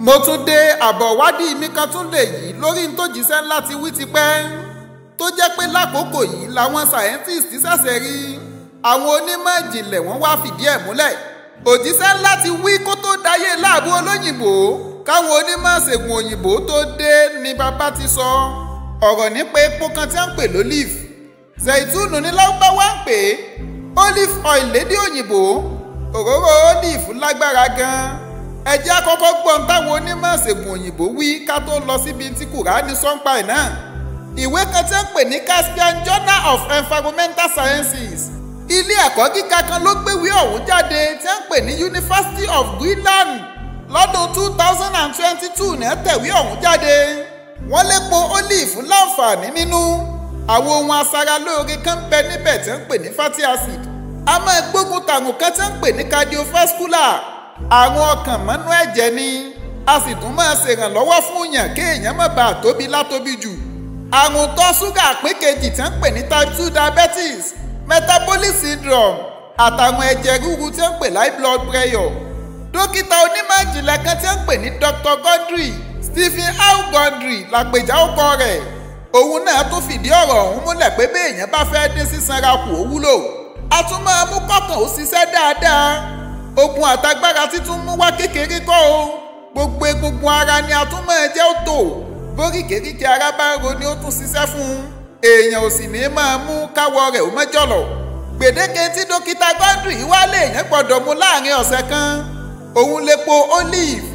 mo tún dé àbọ̀ wádìí mi kan tún lè yí lórí n tó jíṣẹ́ ńlá ti wí ti pẹ́ tó jẹ́ pé lákòókò yìí làwọn scientist ṣẹ̀ṣẹ̀ rí àwọn onímọ̀ ìjìnlẹ̀ wọ́n wá fìdí ẹ̀ múlẹ̀ òjíṣẹ́ ńlá ti wí kó tó dayé láàbù olóyìnbó káwọn onímọ̀ ṣègùn òyìnbó tó dé ni bàbá ti sọ ọ̀rọ̀ nípa epo kan tí wọ́n ń pè lólíf zaitun ní lárúbáwá ń pè olive oil lédè òyìnbó òróró olive lágbára gan-an ẹ jẹ́ àkọ́kọ́ gbọ́n táwọn onímọ̀ ṣègùn òyìnbó wí ká tó lọ síbi tí kùránì sọ́ńpa ẹ̀ náà ìwé kan tí ń pè ní Caspian Journal of Environmental Sciences ilé ẹ̀kọ́ gíga kan ló gbéwé ọ̀hún jáde tí ń pè ní University of Greenland lọ́dún two thousand and twenty-two ní tẹ̀wé ọ̀hún jáde wọ́n lépo olive láǹfààní nínú àwọn ohun aṣaralóore kan ń bẹ níbẹ̀ tí ń pè ní fatty acid a máa gbógun tàrùn kan tí ń pè ní cardiovascular àrùn ọkàn mọ́nú ẹ̀jẹ̀ ni a sì tún máa ṣèrànlọ́wọ́ fún yàn kéèyàn má bàa tóbi látóbi jù àrùn tọ́ ṣúgà pín kejì tí wọ́n ń pè ní type two diabetes metabolic syndrome àtàwọn ẹ̀jẹ̀ ríru tí wọ́n ń pè láì blood pressure dókítà onímọ̀ ìjìnlẹ̀ kan tí wọ́n ń pè ní Dr. Godry Stephen Al Godry làgbèjà ọkọ rẹ̀ òun náà tún fìdí ọ̀rọ̀ ọ̀hún múlẹ̀ pé béèyàn bá fẹ́ dín sísanra kù ó wúlò a tún máa mú kọ́kàn ó ṣiṣẹ́ dáadáa ogun àtagbára títún mú wá kékeré kọ́ o gbogbo egungun ara ni àtúmọ̀ ẹ̀jẹ̀ ó tò bóríkèríkè ara bá ro ni ó tún ṣiṣẹ́ fún un èèyàn ò sì ní máa mú káwọ rẹ̀ ó mẹ́jọ̀lọ̀ gbèdéke tí dókítà Quadri yìí wá léèyàn gbọ́dọ̀ mú láàrin ọ̀sẹ̀ kan òun lepo olive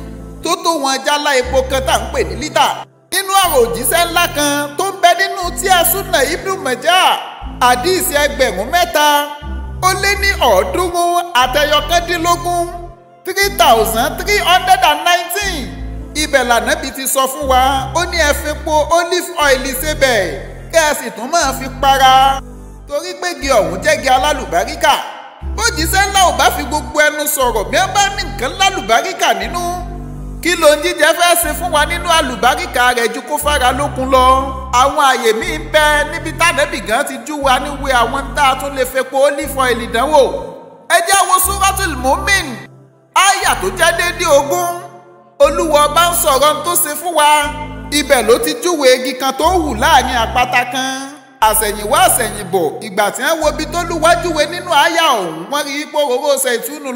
tó tó wọn jálá epo kan tá à ń pè ní lítà nínú ọ̀rọ̀ òjíṣẹ́ ńlá kan tó ń bẹ nínú tí a súnà Ibnu àdìsí ẹgbẹ̀rún mẹ́ta ó lé ní ọ̀ọ́dúnwó àtẹyọkàndínlógún three thousand three hundred and nineteen ibẹ̀ lànàbì ti sọ fún wa ó ní ẹ fi po olive oil sebẹ̀ kẹ́ ẹ sì tún máa fi para torí pé igi ọ̀hún jẹ́gi alálùbáríkà bójì sẹ́ńlá ò bá fi gbogbo ẹnu sọ̀rọ̀ bí wọ́n bá ní nǹkan lálùbáríkà nínú kí ló ń jíjẹ fẹ́ ṣe fún wa nínú àlùbáríkà rẹ̀ ju kó fara lókun lọ. àwọn àyè míì ń bẹ níbi tánẹ́bì gan ti jú wa níwèé àwọn tá a tún lè fepo ólífọ ìlìdánwò. ẹ jẹ́ wo suratul mumin àyà tó jẹ́ déédéé ogún olúwa ọba ń sọ̀rọ̀ tó ṣe fún wa ibẹ̀ ló ti júwèé igi kan tó hù láàrin àpáta kan àṣẹ̀yìnwá àṣẹ̀yìnbọ̀ ìgbà tí wọ́n wo ibi tó lúwájúwe nínú àyà ọ̀hún wọ́n rí i pé òróró ṣe ìtúnu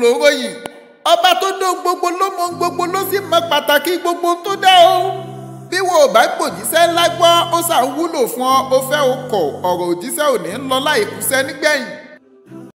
ọba tó dó gbogbo ló mọ gbogbo ló sì mọ pàtàkì gbogbo tó dá o bí wo bá gbòjíṣẹ́ ńlá gbọ́ ó ṣàwúlò fún ọ ó fẹ́ o kọ̀ ọ̀rọ̀ òjíṣẹ́ ò ní lọ láìkúṣẹ́ nígbẹ̀yìn